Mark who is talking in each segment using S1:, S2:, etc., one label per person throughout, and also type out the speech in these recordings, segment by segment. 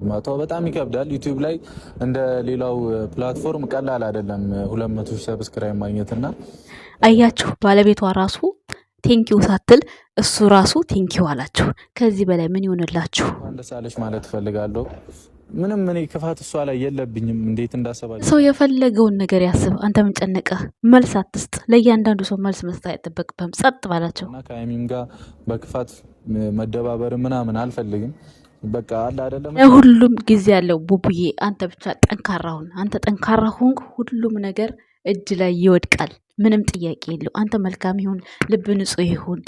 S1: የምትመጣው። በጣም ይከብዳል። ዩቲዩብ ላይ እንደ ሌላው ፕላትፎርም ቀላል አይደለም። ሁለት መቶ ሰብስክራይብ ማግኘት
S2: አያችሁ፣ ባለቤቷ ራሱ ቴንኪው ሳትል እሱ ራሱ ቴንኪው አላችሁ። ከዚህ በላይ ምን ይሆንላችሁ?
S1: አንደሳለች ማለት እፈልጋለሁ። ምንም እኔ ክፋት እሷ ላይ የለብኝም። እንዴት እንዳሰባ
S2: ሰው የፈለገውን ነገር ያስብ። አንተ ምን መልስ አትስጥ። ለእያንዳንዱ ሰው መልስ መስጠት አይጠበቅብህም። ጸጥ ባላቸው
S1: ከሀይሚም ጋር በክፋት መደባበር ምናምን አልፈልግም። በቃ አለ አይደለም።
S2: ሁሉም ጊዜ ያለው ቡቡዬ፣ አንተ ብቻ ጠንካራ ሁን። አንተ ጠንካራ ሆንክ ሁሉም ነገር እጅ ላይ ይወድቃል። ምንም ጥያቄ የለው። አንተ መልካም ይሁን፣ ልብ ንጹህ ይሁን፣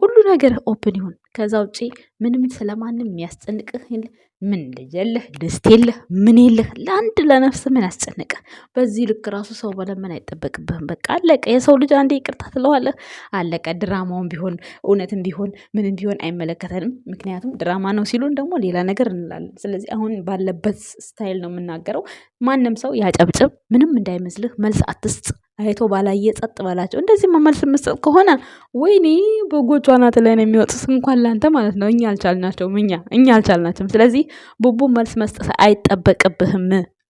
S2: ሁሉ ነገር ኦፕን ይሁን። ከዛ ውጪ ምንም ስለማንም የሚያስጨንቅህ ምን ልጅ የለህ ድስት የለህ ምን የለህ ለአንድ ለነፍስ ምን ያስጨንቀ? በዚህ ልክ ራሱ ሰው መለመን አይጠበቅብህም። በቃ አለቀ። የሰው ልጅ አንዴ ይቅርታ ትለዋለህ፣ አለቀ። ድራማውን ቢሆን እውነትም ቢሆን ምንም ቢሆን አይመለከተንም። ምክንያቱም ድራማ ነው ሲሉን ደግሞ ሌላ ነገር እንላለን። ስለዚህ አሁን ባለበት ስታይል ነው የምናገረው። ማንም ሰው ያጨብጭብ፣ ምንም እንዳይመስልህ፣ መልስ አትስጥ። አይቶ ባላየ ጸጥ ባላቸው። እንደዚህ መመልስ የምትሰጥ ከሆነ ወይኔ በጎጆ ናት ላይ ነው የሚወጡት፣ እንኳን ላንተ ማለት ነው። እኛ አልቻልናቸውም፣ እኛ እኛ አልቻልናቸውም። ስለዚህ ቡቡ መልስ መስጠት አይጠበቅብህም፣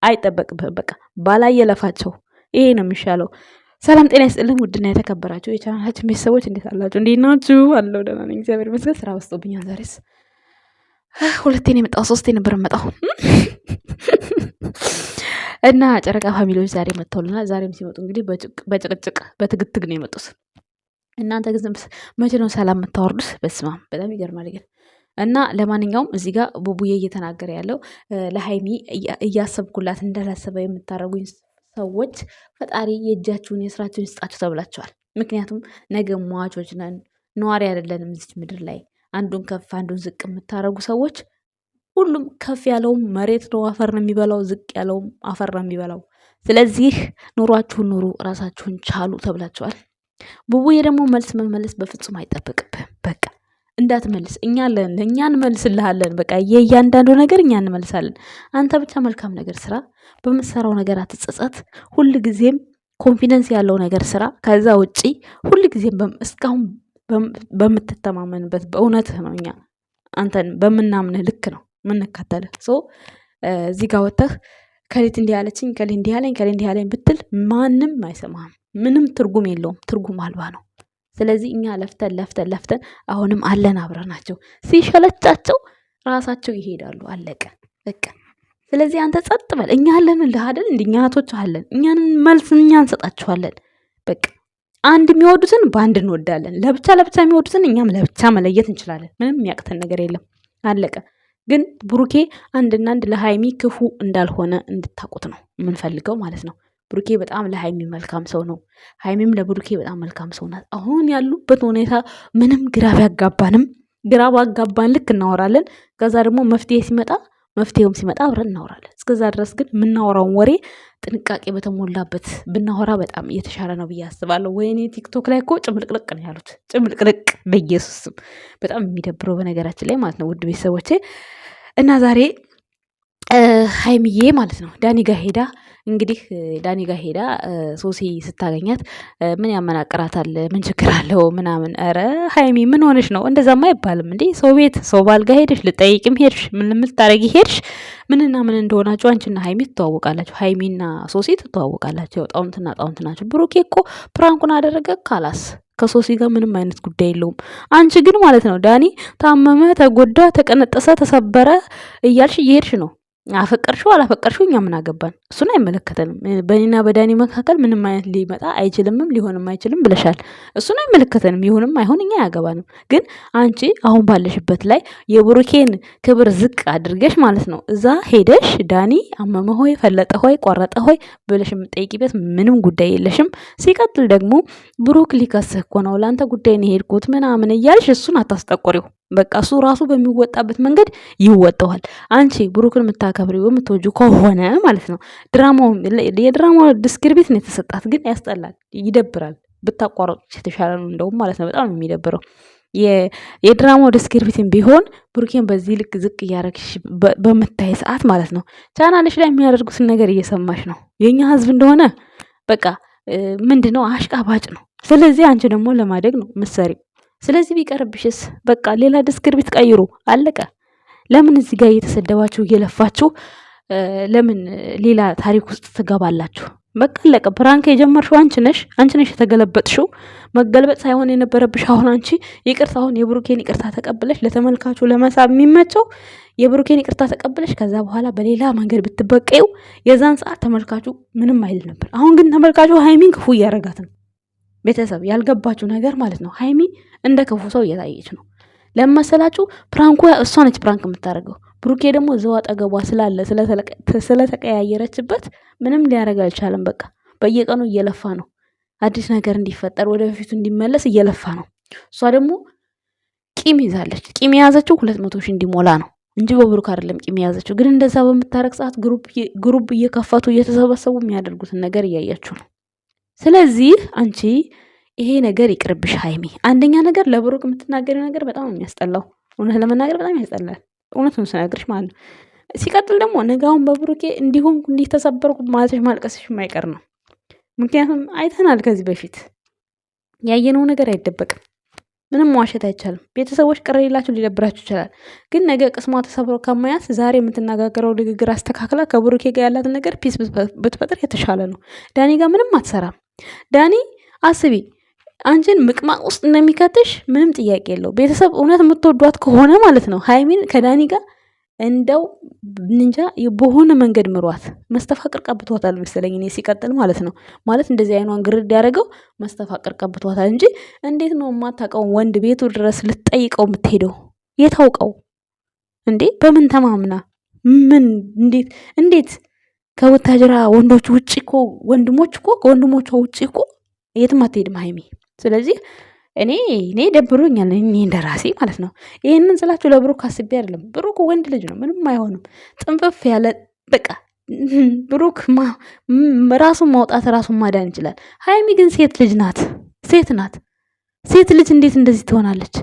S2: አይጠበቅብህም። በቃ ባላየ ለፋቸው፣ ይሄ ነው የሚሻለው። ሰላም ጤና ይስጥልን። ውድና የተከበራችሁ የቻናላችን ቤተሰቦች እንዴት አላችሁ? እንዴት ናችሁ? አለው ደህና ነኝ እግዚአብሔር ይመስገን። ስራ ወስጦብኛል ዛሬስ። ሁለቴን የመጣው፣ ሶስቴ ነበር የመጣው እና ጨረቃ ፋሚሊዎች ዛሬ መጥተውልና ዛሬም ሲመጡ እንግዲህ በጭቅጭቅ በትግትግ ነው የመጡት። እናንተ ግን መቼ ነው ሰላም የምታወርዱት? በስማ በጣም ይገርማል ግን እና ለማንኛውም እዚህ ጋር ቡቡዬ እየተናገረ ያለው ለሀይሚ እያሰብኩላት እንዳላሰበ የምታደርጉኝ ሰዎች ፈጣሪ የእጃችሁን የስራችሁን ይስጣችሁ ተብላችኋል። ምክንያቱም ነገ ሟቾች ነን፣ ነዋሪ አይደለንም እዚች ምድር ላይ አንዱን ከፍ አንዱን ዝቅ የምታደርጉ ሰዎች ሁሉም ከፍ ያለውም መሬት ነው አፈር ነው የሚበላው፣ ዝቅ ያለውም አፈር ነው የሚበላው። ስለዚህ ኑሯችሁን ኑሩ፣ ራሳችሁን ቻሉ ተብላችኋል። ቡቡዬ ደግሞ መልስ መመለስ በፍጹም አይጠበቅብህም። በቃ እንዳትመልስ፣ እኛ ለን እኛ እንመልስልሃለን። በቃ የእያንዳንዱ ነገር እኛ እንመልሳለን። አንተ ብቻ መልካም ነገር ስራ፣ በምትሰራው ነገር አትጸጸት። ጊዜም ኮንፊደንስ ያለው ነገር ስራ። ከዛ ውጪ ጊዜም እስካሁን በምትተማመንበት በእውነትህ ነው እኛ አንተን በምናምንህ ልክ ነው ምንከተል ሶ እዚህ ጋር ወጥተህ ከሌት እንዲህ ያለችኝ ከሌ እንዲህ ያለኝ ከሌ እንዲህ ያለኝ ብትል ማንም አይሰማህም። ምንም ትርጉም የለውም። ትርጉም አልባ ነው። ስለዚህ እኛ ለፍተን ለፍተን ለፍተን አሁንም አለን አብረናቸው። ሲሸለቻቸው ራሳቸው ይሄዳሉ። አለቀ በቃ። ስለዚህ አንተ ጸጥ በል። እኛ አለን እንደሃደን አይደል? እኛ እህቶች አለን። እኛን መልስ እኛ እንሰጣችኋለን። በቃ አንድ የሚወዱትን በአንድ እንወዳለን። ለብቻ ለብቻ የሚወዱትን እኛም ለብቻ መለየት እንችላለን። ምንም የሚያቅተን ነገር የለም። አለቀ። ግን ብሩኬ አንድና አንድ ለሀይሚ ክፉ እንዳልሆነ እንድታቁት ነው የምንፈልገው ማለት ነው። ብሩኬ በጣም ለሀይሚ መልካም ሰው ነው። ሀይሚም ለብሩኬ በጣም መልካም ሰው ናት። አሁን ያሉበት ሁኔታ ምንም ግራ ቢያጋባንም ግራ ባጋባን ልክ እናወራለን። ከዛ ደግሞ መፍትሄ ሲመጣ መፍትሄውም ሲመጣ አብረን እናወራለን። እስከዛ ድረስ ግን የምናወራውን ወሬ ጥንቃቄ በተሞላበት ብናወራ በጣም እየተሻለ ነው ብዬ አስባለሁ። ወይኔ ቲክቶክ ላይ እኮ ጭምልቅልቅ ነው ያሉት፣ ጭምልቅልቅ በኢየሱስ በጣም የሚደብረው በነገራችን ላይ ማለት ነው። ውድ ቤተሰቦቼ እና ዛሬ ሀይሚዬ ማለት ነው ዳኒ ጋ ሄዳ እንግዲህ ዳኒ ጋ ሄዳ ሶሲ ስታገኛት ምን ያመናቅራታል? ምን ችግር አለው? ምናምን ረ ሀይሚ ምን ሆነሽ ነው? እንደዛማ አይባልም እንዴ! ሰው ቤት ሰው ባልጋ ሄደሽ ልጠይቅም ሄድሽ ምን ልምልታረጊ ሄድሽ ምንና ምን እንደሆናችሁ አንቺና ሀይሚ ትተዋወቃላችሁ። ሀይሚና ሶሲ ትተዋወቃላችሁ። ጣውንትና ጣውንት ናቸው። ብሩኬ እኮ ፕራንኩን አደረገ ካላስ ከሶሲ ጋር ምንም አይነት ጉዳይ የለውም። አንቺ ግን ማለት ነው ዳኒ ታመመ፣ ተጎዳ፣ ተቀነጠሰ፣ ተሰበረ እያልሽ እየሄድሽ ነው አፈቀርሽው አላፈቀርሽው እኛ ምን አገባን? እሱን አይመለከተንም። በኔና በዳኒ መካከል ምንም አይነት ሊመጣ አይችልምም ሊሆንም አይችልም ብለሻል። እሱን አይመለከተንም። ይሁንም አይሁን እኛ አያገባንም። ግን አንቺ አሁን ባለሽበት ላይ የብሩኬን ክብር ዝቅ አድርገሽ ማለት ነው እዛ ሄደሽ ዳኒ አመመ ሆይ ፈለጠ ሆይ ቆረጠ ሆይ ብለሽ የምጠይቂበት ምንም ጉዳይ የለሽም። ሲቀጥል ደግሞ ብሩክ ሊከስህ እኮ ነው ለአንተ ጉዳይ ነው የሄድኩት ምናምን እያልሽ እሱን አታስጠቆሪው። በቃ እሱ ራሱ በሚወጣበት መንገድ ይወጣዋል። አንቺ ብሩክን የምታከብሪው የምትወጁ ከሆነ ማለት ነው። ድራማው የድራማው ዲስክሪፕት ነው የተሰጣት፣ ግን ያስጠላል፣ ይደብራል። ብታቋረጡ የተሻለ ነው እንደውም ማለት ነው። በጣም የሚደብረው። የድራማው ዲስክሪቢትን ቢሆን ብሩኬን በዚህ ልክ ዝቅ እያደረግሽ በምታይ ሰዓት ማለት ነው ቻናልሽ ላይ የሚያደርጉትን ነገር እየሰማሽ ነው። የእኛ ህዝብ እንደሆነ በቃ ምንድነው አሽቃባጭ ነው። ስለዚህ አንቺ ደግሞ ለማደግ ነው ምሰሪው ስለዚህ ቢቀርብሽስ በቃ ሌላ ደስክርቢት ቀይሩ፣ አለቀ። ለምን እዚህ ጋር እየተሰደባችሁ እየለፋችሁ ለምን ሌላ ታሪክ ውስጥ ትገባላችሁ? በቃ አለቀ። ፕራንክ የጀመርሽው አንቺ ነሽ፣ አንቺ ነሽ የተገለበጥሽው። መገልበጥ ሳይሆን የነበረብሽ አሁን አንቺ ይቅርታ፣ አሁን የብሩኬን ይቅርታ ተቀብለሽ ለተመልካቹ ለመሳብ የሚመቸው የብሩኬን ይቅርታ ተቀብለሽ ከዛ በኋላ በሌላ መንገድ ብትበቀዩ የዛን ሰዓት ተመልካቹ ምንም አይል ነበር። አሁን ግን ተመልካቹ ሀይሚን ክፉ እያደረጋት ነው። ቤተሰብ ያልገባችሁ ነገር ማለት ነው ሀይሚ እንደ ክፉ ሰው እየታየች ነው። ለመሰላችሁ ፕራንኩ እሷ ነች ፕራንክ የምታደርገው። ብሩኬ ደግሞ ዘዋ አጠገቧ ስላለ ስለተቀያየረችበት ምንም ሊያደርግ አልቻለም። በቃ በየቀኑ እየለፋ ነው፣ አዲስ ነገር እንዲፈጠር ወደ ፊቱ እንዲመለስ እየለፋ ነው። እሷ ደግሞ ቂም ይዛለች። ቂም የያዘችው ሁለት መቶ ሺህ እንዲሞላ ነው እንጂ በብሩክ አይደለም ቂም የያዘችው። ግን እንደዛ በምታረግ ሰዓት ግሩብ እየከፈቱ እየተሰበሰቡ የሚያደርጉትን ነገር እያያችሁ ነው። ስለዚህ አንቺ ይሄ ነገር ይቅርብሽ ሀይሚ። አንደኛ ነገር ለብሩክ የምትናገሪው ነገር በጣም የሚያስጠላው እውነት ለመናገር በጣም ያስጠላል። እውነት ነው ስነግርሽ ማለት ነው። ሲቀጥል ደግሞ ነጋውን በብሩኬ እንዲሁም እንዲህ ተሰበርኩ ማለትሽ ማልቀስሽ የማይቀር ነው። ምክንያቱም አይተናል ከዚህ በፊት ያየነው ነገር አይደበቅም። ምንም ዋሸት አይቻልም። ቤተሰቦች ቅር ሌላቸው ሊደብራችሁ ይችላል። ግን ነገ ቅስሟ ተሰብሮ ከማያስ ዛሬ የምትነጋገረው ንግግር አስተካክላ ከብሩኬ ጋር ያላትን ነገር ፒስ ብትፈጥር የተሻለ ነው። ዳኒ ጋር ምንም አትሰራም። ዳኒ አስቢ አንቺን ምቅማቅ ውስጥ እንደሚከትሽ ምንም ጥያቄ የለው። ቤተሰብ እውነት የምትወዷት ከሆነ ማለት ነው ሀይሚን ከዳኒ ጋር እንደው እንጃ በሆነ መንገድ ምሯት መስተፋቅር ቀብቷታል መሰለኝ እኔ ሲቀጥል ማለት ነው። ማለት እንደዚህ አይኗን ግርድ ያደረገው መስተፋቅር ቀብቷታል እንጂ እንዴት ነው የማታውቀውን ወንድ ቤቱ ድረስ ልትጠይቀው የምትሄደው? የታውቀው እንዴ? በምን ተማምና ምን እንዴት እንዴት ከወታጀራ ወንዶች ውጭ እኮ ወንድሞች እኮ ከወንድሞቿ ውጭ እኮ የትም አትሄድም ሀይሚ። ስለዚህ እኔ እኔ ደብሮኛል። እኔ እንደራሴ ማለት ነው። ይህንን ስላችሁ ለብሩክ አስቤ አይደለም። ብሩክ ወንድ ልጅ ነው፣ ምንም አይሆንም። ጥንፍፍ ያለ በቃ ብሩክ ራሱን ማውጣት ራሱን ማዳን ይችላል። ሀይሚ ግን ሴት ልጅ ናት፣ ሴት ናት። ሴት ልጅ እንዴት እንደዚህ ትሆናለች?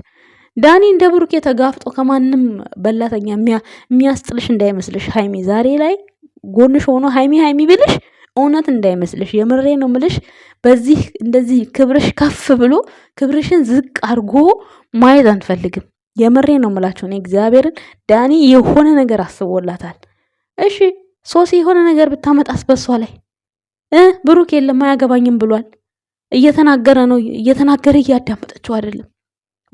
S2: ዳኒ እንደ ብሩክ የተጋፍጦ ከማንም በላተኛ የሚያስጥልሽ እንዳይመስልሽ። ሀይሚ ዛሬ ላይ ጎንሽ ሆኖ ሀይሚ ሀይሚ ብልሽ እውነት እንዳይመስልሽ፣ የምሬ ነው ምልሽ። በዚህ እንደዚህ ክብርሽ ከፍ ብሎ ክብርሽን ዝቅ አድርጎ ማየት አንፈልግም። የምሬ ነው ምላቸው። እኔ እግዚአብሔርን ዳኒ የሆነ ነገር አስቦላታል። እሺ ሶሲ የሆነ ነገር ብታመጣስ በሷ ላይ ብሩክ የለም አያገባኝም ብሏል። እየተናገረ ነው እየተናገረ እያዳመጠችው አይደለም።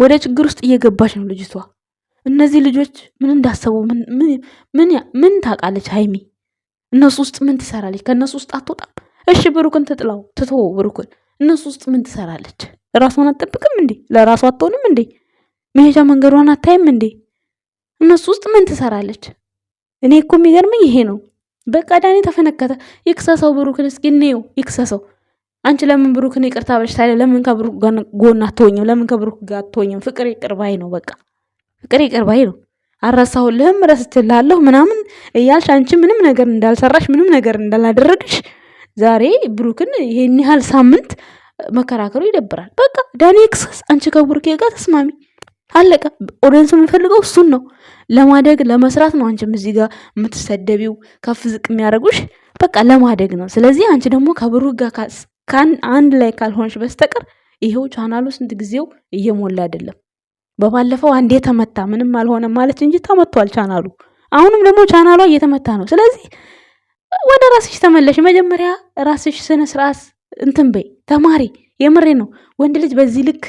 S2: ወደ ችግር ውስጥ እየገባች ነው ልጅቷ። እነዚህ ልጆች ምን እንዳሰቡ ምን ምን ታውቃለች ሀይሚ እነሱ ውስጥ ምን ትሰራለች? ከእነሱ ውስጥ አትወጣም። እሺ ብሩክን ትጥላው ትቶ ብሩክን እነሱ ውስጥ ምን ትሰራለች? ራሷን አትጠብቅም እንዴ? ለራሷ አትሆንም እንዴ? መሄጃ መንገዷን አታይም እንዴ? እነሱ ውስጥ ምን ትሰራለች? እኔ እኮ የሚገርመኝ ይሄ ነው። በቃ ዳኔ ተፈነከተ። ይክሰሰው ብሩክን፣ እስኪ እኔው ይክሰሰው። አንቺ ለምን ብሩክን ይቅርታ በሽ ታዲያ? ለምን ከብሩክ ጎን አትሆኝም? ለምን ከብሩክ ጋር አትሆኝም? ፍቅር ይቅርባይ ነው። በቃ ፍቅር ይቅርባይ ነው። አረሳሁልህም ረስትልሃለሁ ምናምን እያልሽ አንቺ ምንም ነገር እንዳልሰራሽ ምንም ነገር እንዳላደረግሽ ዛሬ ብሩክን ይሄን ያህል ሳምንት መከራከሩ ይደብራል። በቃ ዳኒ ክስስ አንቺ ከቡርኬ ጋር ተስማሚ አለቀ። ኦዲየንሱ የሚፈልገው እሱን ነው። ለማደግ ለመስራት ነው። አንቺም እዚህ ጋር የምትሰደቢው ከፍ ዝቅ የሚያደርጉሽ በቃ ለማደግ ነው። ስለዚህ አንቺ ደግሞ ከብሩክ ጋር አንድ ላይ ካልሆንሽ በስተቀር ይሄው ቻናሉ ስንት ጊዜው እየሞላ አይደለም። በባለፈው አንዴ ተመታ ምንም አልሆነም ማለች እንጂ ተመቷል ቻናሉ። አሁንም ደግሞ ቻናሏ እየተመታ ነው። ስለዚህ ወደ ራስሽ ተመለሽ። መጀመሪያ ራስሽ ስነ ስርዓት እንትን በይ ተማሪ። የምሬ ነው። ወንድ ልጅ በዚህ ልክ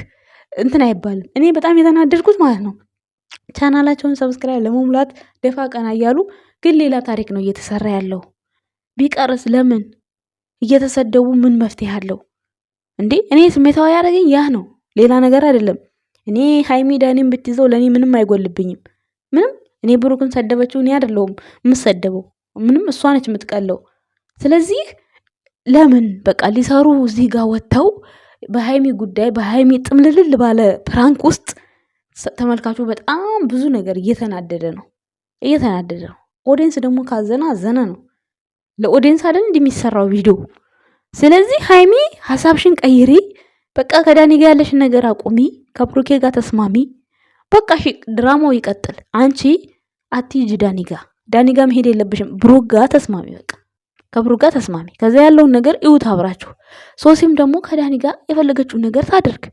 S2: እንትን አይባልም። እኔ በጣም የተናደድኩት ማለት ነው ቻናላቸውን ሰብስክራይብ ለመሙላት ደፋ ቀና እያሉ ግን ሌላ ታሪክ ነው እየተሰራ ያለው። ቢቀርስ ለምን እየተሰደቡ ምን መፍትሄ አለው እንዴ? እኔ ስሜታዊ ያደረገኝ ያህ ነው፣ ሌላ ነገር አይደለም። እኔ ሀይሚ ዳኒን ብትይዘው ለእኔ ምንም አይጎልብኝም። ምንም እኔ ብሩክን ሰደበችው እኔ አይደለሁም የምሰደበው፣ ምንም እሷ ነች የምትቀለው። ስለዚህ ለምን በቃ ሊሰሩ እዚህ ጋር ወጥተው በሀይሚ ጉዳይ በሀይሚ ጥምልልል ባለ ፕራንክ ውስጥ ተመልካቹ በጣም ብዙ ነገር እየተናደደ ነው እየተናደደ ነው። ኦዲንስ ደግሞ ካዘነ አዘነ ነው። ለኦዲንስ አይደል እንደሚሰራው ቪዲዮ። ስለዚህ ሀይሚ ሀሳብሽን ቀይሬ በቃ ከዳኒ ጋር ያለሽ ነገር አቁሚ፣ ከብሩኬ ጋር ተስማሚ። በቃ ድራማው ይቀጥል። አንቺ አትሂጂ ዳኒ ጋር፣ ዳኒ ጋር መሄድ የለብሽም። ብሩክ ጋር ተስማሚ፣ በቃ ከብሩክ ጋር ተስማሚ። ከዛ ያለውን ነገር እዩት አብራችሁ። ሶሲም ደግሞ ከዳኒ ጋር የፈለገችውን ነገር ታደርግ።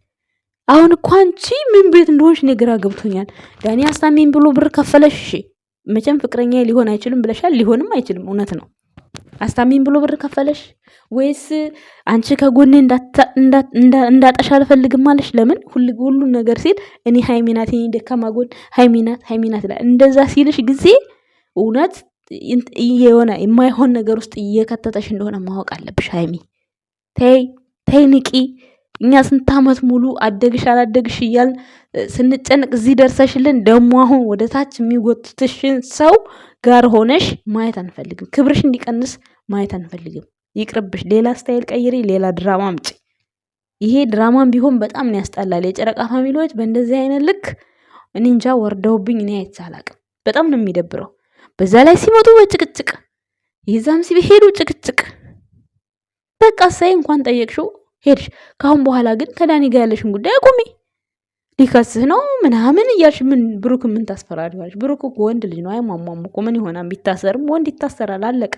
S2: አሁን እኮ አንቺ ምን ቤት እንደሆንሽ እኔ ግራ ገብቶኛል። ዳኒ አስታሚኝ ብሎ ብር ከፈለሽ፣ መቼም ፍቅረኛ ሊሆን አይችልም ብለሻል። ሊሆንም አይችልም፣ እውነት ነው። አስታሚኝ ብሎ ብር ከፈለሽ ወይስ አንቺ ከጎኔ እንዳጠሽ አልፈልግም አለሽ? ለምን ሁሉ ነገር ሲል እኔ ሀይሚናት የኔ ደካማ ጎን ሃይሚናት ሃይሚናት ላይ እንደዛ ሲልሽ ጊዜ እውነት የሆነ የማይሆን ነገር ውስጥ እየከተተሽ እንደሆነ ማወቅ አለብሽ። ሃይሚ ተይ ተይ፣ ንቂ። እኛ ስንት ዓመት ሙሉ አደግሽ አላደግሽ እያልን ስንጨንቅ እዚህ ደርሰሽልን ደግሞ አሁን ወደ ታች የሚጎትትሽን ሰው ጋር ሆነሽ ማየት አንፈልግም። ክብርሽ እንዲቀንስ ማየት አንፈልግም። ይቅርብሽ። ሌላ ስታይል ቀይሪ፣ ሌላ ድራማ አምጪ። ይሄ ድራማም ቢሆን በጣም ያስጠላል። የጨረቃ ፋሚሊዎች በእንደዚህ አይነት ልክ እኔ እንጃ ወርደውብኝ እኔ አይቼ አላቅም። በጣም ነው የሚደብረው። በዛ ላይ ሲመጡ በጭቅጭቅ ይዛም ሲሄዱ ጭቅጭቅ በቃ ሳይ እንኳን ጠየቅሽው ሄድሽ። ካሁን በኋላ ግን ከዳኒ ጋር ያለሽን ጉዳይ አቁሚ። ሊከስህ ነው ምናምን እያልሽ ምን ብሩክ ምን ታስፈራሪዋለሽ? ብሩክ እኮ ወንድ ልጅ ነው። አይሟሟም እኮ ምን ይሆናል? ቢታሰርም ወንድ ይታሰራል። አለቀ።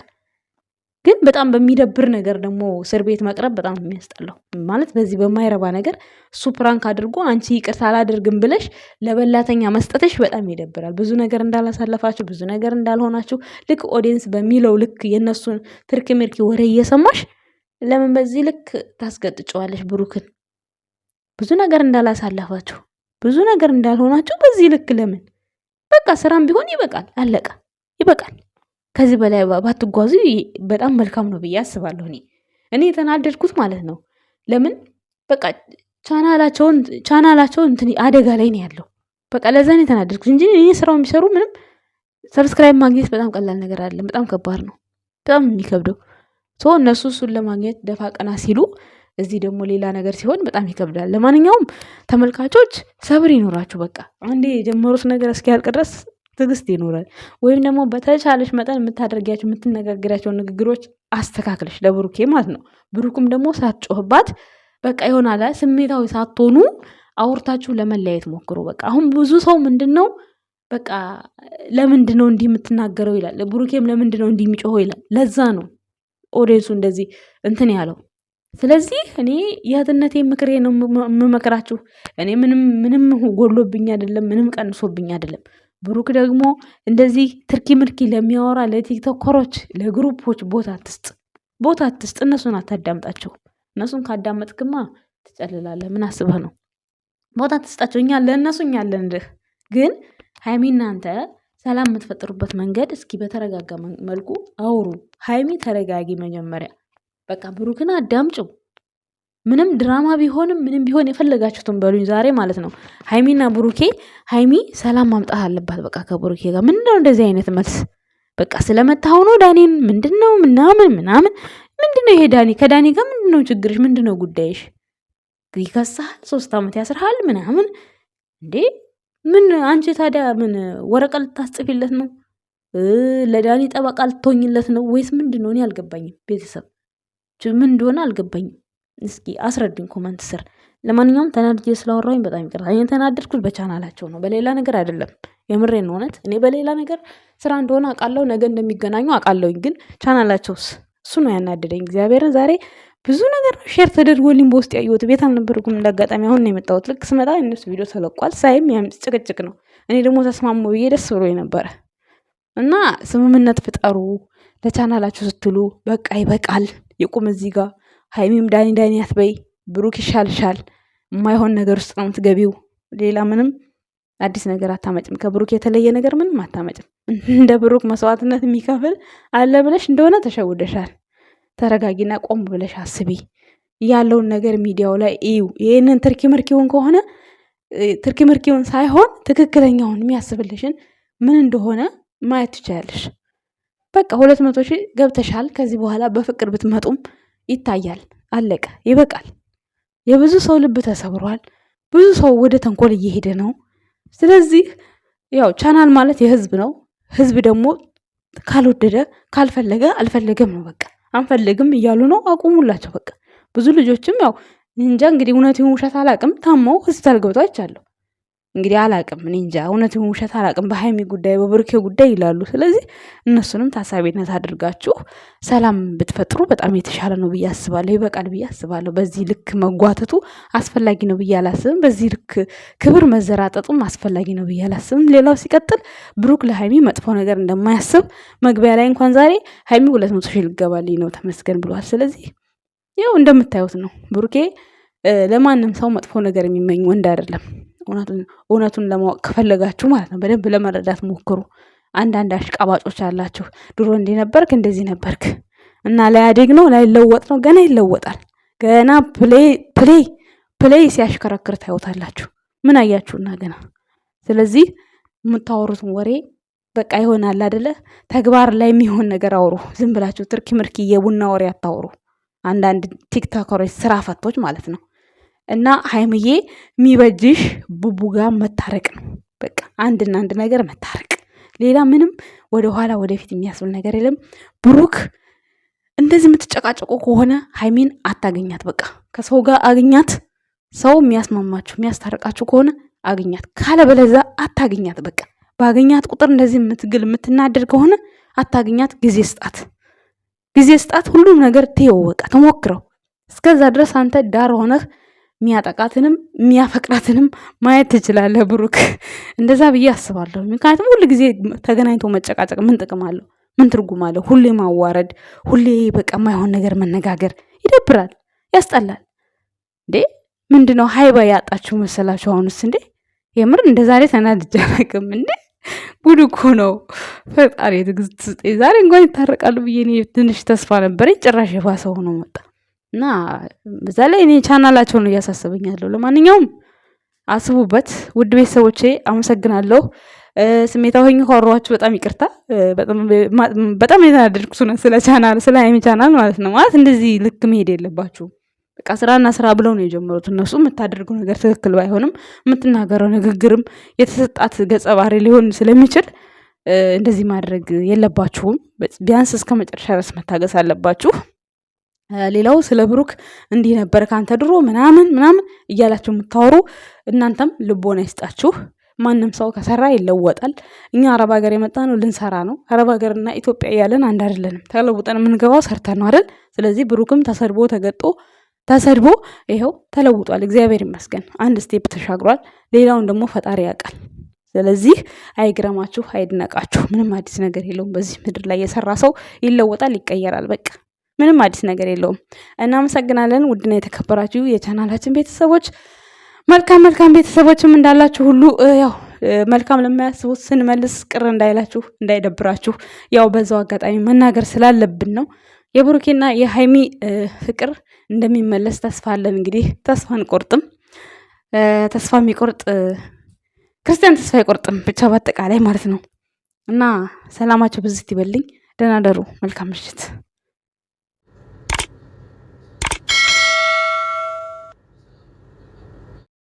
S2: ግን በጣም በሚደብር ነገር ደግሞ እስር ቤት መቅረብ በጣም የሚያስጠላው ማለት በዚህ በማይረባ ነገር እሱ ፕራንክ አድርጎ አንቺ ይቅርታ አላደርግም ብለሽ ለበላተኛ መስጠትሽ በጣም ይደብራል። ብዙ ነገር እንዳላሳለፋችሁ፣ ብዙ ነገር እንዳልሆናችሁ ልክ ኦዲየንስ በሚለው ልክ የእነሱን ትርኪ ምርኪ ወሬ እየሰማሽ ለምን በዚህ ልክ ታስገጥጨዋለች ብሩክን? ብዙ ነገር እንዳላሳለፋችሁ ብዙ ነገር እንዳልሆናችሁ በዚህ ልክ ለምን? በቃ ስራም ቢሆን ይበቃል፣ አለቀ፣ ይበቃል። ከዚህ በላይ ባትጓዙ በጣም መልካም ነው ብዬ አስባለሁ። እኔ እኔ የተናደድኩት ማለት ነው ለምን በቃ ቻናላቸውን ቻናላቸው እንትን አደጋ ላይ ነው ያለው። በቃ ለዛ ነው የተናደድኩት እንጂ እኔ ስራው የሚሰሩ ምንም ሰብስክራይብ ማግኘት በጣም ቀላል ነገር አይደለም። በጣም ከባድ ነው፣ በጣም የሚከብደው ሶ እነሱ እሱን ለማግኘት ደፋ ቀና ሲሉ እዚህ ደግሞ ሌላ ነገር ሲሆን በጣም ይከብዳል። ለማንኛውም ተመልካቾች ሰብር ይኖራችሁ። በቃ አንዴ የጀመሩት ነገር እስኪያልቅ ድረስ ትዕግስት ይኖራል። ወይም ደግሞ በተቻለሽ መጠን የምታደርጊያቸው የምትነጋገሪያቸው ንግግሮች አስተካክለሽ ለብሩኬ ማለት ነው። ብሩክም ደግሞ ሳትጮህባት በቃ ይሆናል ስሜታዊ ሳትሆኑ አውርታችሁ ለመለያየት ሞክሩ። በቃ አሁን ብዙ ሰው ምንድን ነው በቃ ለምንድን ነው እንዲህ የምትናገረው ይላል። ብሩኬም ለምንድን ነው እንዲህ የሚጮኸው ይላል። ለዛ ነው ኦዴንሱ እንደዚህ እንትን ያለው። ስለዚህ እኔ የእህትነቴን ምክሬ ነው የምመክራችሁ። እኔ ምንም ምንም ጎሎብኝ አይደለም፣ ምንም ቀንሶብኝ አይደለም። ብሩክ ደግሞ እንደዚህ ትርኪ ምርኪ ለሚያወራ ለቲክቶከሮች፣ ለግሩፖች ቦታ አትስጥ፣ ቦታ አትስጥ። እነሱን አታዳምጣቸው። እነሱን ካዳመጥክማ ትጨልላለህ። ምን አስበህ ነው? ቦታ አትስጣቸው። እኛ ለእነሱ እኛ አለን። ግን ሀይሚና አንተ ሰላም የምትፈጥሩበት መንገድ እስኪ በተረጋጋ መልኩ አውሩ። ሀይሚ ተረጋጊ መጀመሪያ በቃ ብሩክን አዳምጪው። ምንም ድራማ ቢሆንም ምንም ቢሆን የፈለጋችሁትን በሉኝ፣ ዛሬ ማለት ነው። ሀይሚና ብሩኬ ሀይሚ ሰላም ማምጣት አለባት። በቃ ከብሩኬ ጋር ምንድነው እንደዚህ አይነት መልስ? በቃ ስለመታው ነው ዳኒን ምናምን ምናምን ምንድነው ይሄ ዳኒ? ከዳኒ ጋር ምንድነው ችግርሽ? ምንድነው ጉዳይሽ? ይከሳል፣ ሶስት ዓመት ያስርሃል ምናምን እንዴ ምን አንቺ ታዲያ ምን ወረቀት ልታስጽፊለት ነው? ለዳኒ ጠበቃ ልትሆኝለት ነው ወይስ ምንድን ነው? እኔ አልገባኝም። ቤተሰብ ምን እንደሆነ አልገባኝም። እስኪ አስረዱኝ ኮመንት ስር። ለማንኛውም ተናድጄ ስላወራኝ በጣም ይቅርታ። እኔ ተናደድኩት በቻናላቸው ነው፣ በሌላ ነገር አይደለም። የምሬን እውነት እኔ በሌላ ነገር ስራ እንደሆነ አውቃለሁ፣ ነገ እንደሚገናኙ አውቃለሁኝ። ግን ቻናላቸውስ እሱ ነው ያናደደኝ። እግዚአብሔርን ዛሬ ብዙ ነገር ነው ሼር ተደርጎልኝ በውስጥ ያየሁት። ቤት አልነበርኩም እንዳጋጣሚ፣ አሁን ነው የመጣሁት። ልክ ስመጣ እነሱ ቪዲዮ ተለቋል። ሳይም ያም ጭቅጭቅ ነው። እኔ ደግሞ ተስማሙ ብዬ ደስ ብሎ ነበረ እና ስምምነት ፍጠሩ ለቻናላችሁ ስትሉ በቃ ይበቃል፣ ይቁም እዚህ ጋር ሀይሚም ዳኒ ዳኒ አትበይ፣ ብሩክ ይሻልሻል። የማይሆን ነገር ውስጥ ነው የምትገቢው ሌላ ምንም አዲስ ነገር አታመጭም። ከብሩክ የተለየ ነገር ምንም አታመጭም። እንደ ብሩክ መስዋዕትነት የሚከፍል አለ ብለሽ እንደሆነ ተሸውደሻል። ተረጋጊና ቆም ብለሽ አስቢ። ያለውን ነገር ሚዲያው ላይ እዩ። ይህንን ትርኪ ምርኪውን ከሆነ ትርኪ ምርኪውን ሳይሆን ትክክለኛውን የሚያስብልሽን ምን እንደሆነ ማየት ትችላለሽ። በቃ ሁለት መቶ ሺህ ገብተሻል። ከዚህ በኋላ በፍቅር ብትመጡም ይታያል። አለቀ። ይበቃል። የብዙ ሰው ልብ ተሰብሯል። ብዙ ሰው ወደ ተንኮል እየሄደ ነው። ስለዚህ ያው ቻናል ማለት የህዝብ ነው። ህዝብ ደግሞ ካልወደደ ካልፈለገ አልፈለገም ነው በቃ አንፈልግም እያሉ ነው። አቁሙላቸው በቃ ብዙ ልጆችም ያው እንጃ እንግዲህ እውነት ውሸት አላቅም ታመው ሆስፒታል ገብቶ አይቻለሁ። እንግዲህ አላቅም እኔ እንጃ እውነት ውሸት አላቅም። በሀይሚ ጉዳይ በብሩኬ ጉዳይ ይላሉ። ስለዚህ እነሱንም ታሳቢነት አድርጋችሁ ሰላም ብትፈጥሩ በጣም የተሻለ ነው ብዬ አስባለሁ። ይበቃል ብዬ አስባለሁ። በዚህ ልክ መጓተቱ አስፈላጊ ነው ብዬ አላስብም። በዚህ ልክ ክብር መዘራጠጡም አስፈላጊ ነው ብዬ አላስብም። ሌላው ሲቀጥል ብሩክ ለሀይሚ መጥፎ ነገር እንደማያስብ መግቢያ ላይ እንኳን ዛሬ ሀይሚ ሁለት መቶ ሺህ ልገባልኝ ነው ተመስገን ብሏል። ስለዚህ ያው እንደምታዩት ነው ብሩኬ ለማንም ሰው መጥፎ ነገር የሚመኝ ወንድ አይደለም። እውነቱን ለማወቅ ከፈለጋችሁ ማለት ነው በደንብ ለመረዳት ሞክሩ። አንዳንድ አሽቃባጮች አላችሁ። ድሮ እንዲህ ነበርክ እንደዚህ ነበርክ እና ላያደግ ነው ላይለወጥ ነው ገና ይለወጣል። ገና ፕሌይ ፕሌይ ፕሌይ ሲያሽከረክር ታዩታላችሁ። ምን አያችሁና ገና ስለዚህ የምታወሩትን ወሬ በቃ ይሆናል አደለ፣ ተግባር ላይ የሚሆን ነገር አውሩ። ዝም ብላችሁ ትርኪ ምርኪ የቡና ወሬ አታውሩ። አንዳንድ ቲክቶከሮች ስራ ፈቶች ማለት ነው። እና ሀይምዬ የሚበጅሽ ቡቡ ጋር መታረቅ ነው። በቃ አንድና አንድ ነገር መታረቅ፣ ሌላ ምንም ወደኋላ ወደፊት የሚያስብል ነገር የለም። ብሩክ እንደዚህ የምትጨቃጨቁ ከሆነ ሀይሜን አታገኛት። በቃ ከሰው ጋር አግኛት። ሰው የሚያስማማችሁ የሚያስታርቃችሁ ከሆነ አግኛት፣ ካለበለዛ አታገኛት። በቃ በአገኛት ቁጥር እንደዚህ የምትግል የምትናደድ ከሆነ አታገኛት። ጊዜ ስጣት፣ ጊዜ ስጣት። ሁሉም ነገር ትወቃ፣ ተሞክረው። እስከዛ ድረስ አንተ ዳር ሆነህ የሚያጠቃትንም የሚያፈቅራትንም ማየት ትችላለህ ብሩክ። እንደዛ ብዬ አስባለሁ። ምክንያቱም ሁል ጊዜ ተገናኝቶ መጨቃጨቅ ምን ጥቅም አለው? ምን ትርጉም አለው? ሁሌ ማዋረድ፣ ሁሌ በቃ የማይሆን ነገር መነጋገር ይደብራል፣ ያስጠላል። እንዴ ምንድን ነው ሀይባ ያጣችሁ መሰላችሁ? አሁንስ እንዴ የምር እንደ ዛሬ ተናድጄ አላውቅም። እንዴ ጉድ እኮ ነው። ፈጣሪ ትዕግስት ስጤ። ዛሬ እንኳን ይታረቃሉ ብዬ ትንሽ ተስፋ ነበረኝ፣ ጭራሽ የባሰ ሆኖ መጣ። እና በዛ ላይ እኔ ቻናላቸውን እያሳሰበኝ ያለው። ለማንኛውም አስቡበት ውድ ቤተሰቦቼ፣ አመሰግናለሁ። ስሜታ ሆኝ ካወራኋችሁ በጣም ይቅርታ። በጣም የተናደድኩ ስለ ቻናል ስለ ሀይሚ ቻናል ማለት ነው። ማለት እንደዚህ ልክ መሄድ የለባችሁ በቃ ስራና ስራ ብለው ነው የጀመሩት እነሱ። የምታደርገው ነገር ትክክል ባይሆንም የምትናገረው ንግግርም የተሰጣት ገጸ ባህሪ ሊሆን ስለሚችል እንደዚህ ማድረግ የለባችሁም። ቢያንስ እስከ መጨረሻ ድረስ መታገስ አለባችሁ። ሌላው ስለ ብሩክ እንዲህ ነበር ካንተ ድሮ ምናምን ምናምን እያላችሁ የምታወሩ እናንተም ልቦና ይስጣችሁ። ማንም ሰው ከሰራ ይለወጣል። እኛ አረብ ሀገር የመጣ ነው ልንሰራ ነው። አረብ ሀገርና ኢትዮጵያ እያለን አንድ አይደለንም። ተለውጠን የምንገባው ሰርተን ነው አይደል? ስለዚህ ብሩክም ተሰድቦ ተገጦ ተሰድቦ ይኸው ተለውጧል። እግዚአብሔር ይመስገን አንድ ስቴፕ ተሻግሯል። ሌላውን ደግሞ ፈጣሪ ያውቃል። ስለዚህ አይግረማችሁ፣ አይድነቃችሁ። ምንም አዲስ ነገር የለውም። በዚህ ምድር ላይ የሰራ ሰው ይለወጣል፣ ይቀየራል። በቃ ምንም አዲስ ነገር የለውም። እናመሰግናለን ውድና የተከበራችሁ የቻናላችን ቤተሰቦች መልካም መልካም ቤተሰቦችም እንዳላችሁ ሁሉ ያው መልካም ለማያስቡት ስንመልስ ቅር እንዳይላችሁ እንዳይደብራችሁ፣ ያው በዛው አጋጣሚ መናገር ስላለብን ነው። የብሩኬና የሀይሚ ፍቅር እንደሚመለስ ተስፋ አለን። እንግዲህ ተስፋ አንቆርጥም። ተስፋ የሚቆርጥ ክርስቲያን ተስፋ አይቆርጥም። ብቻ በአጠቃላይ ማለት ነው እና ሰላማቸው ብዝት ይበልኝ። ደህና ደሩ። መልካም ምሽት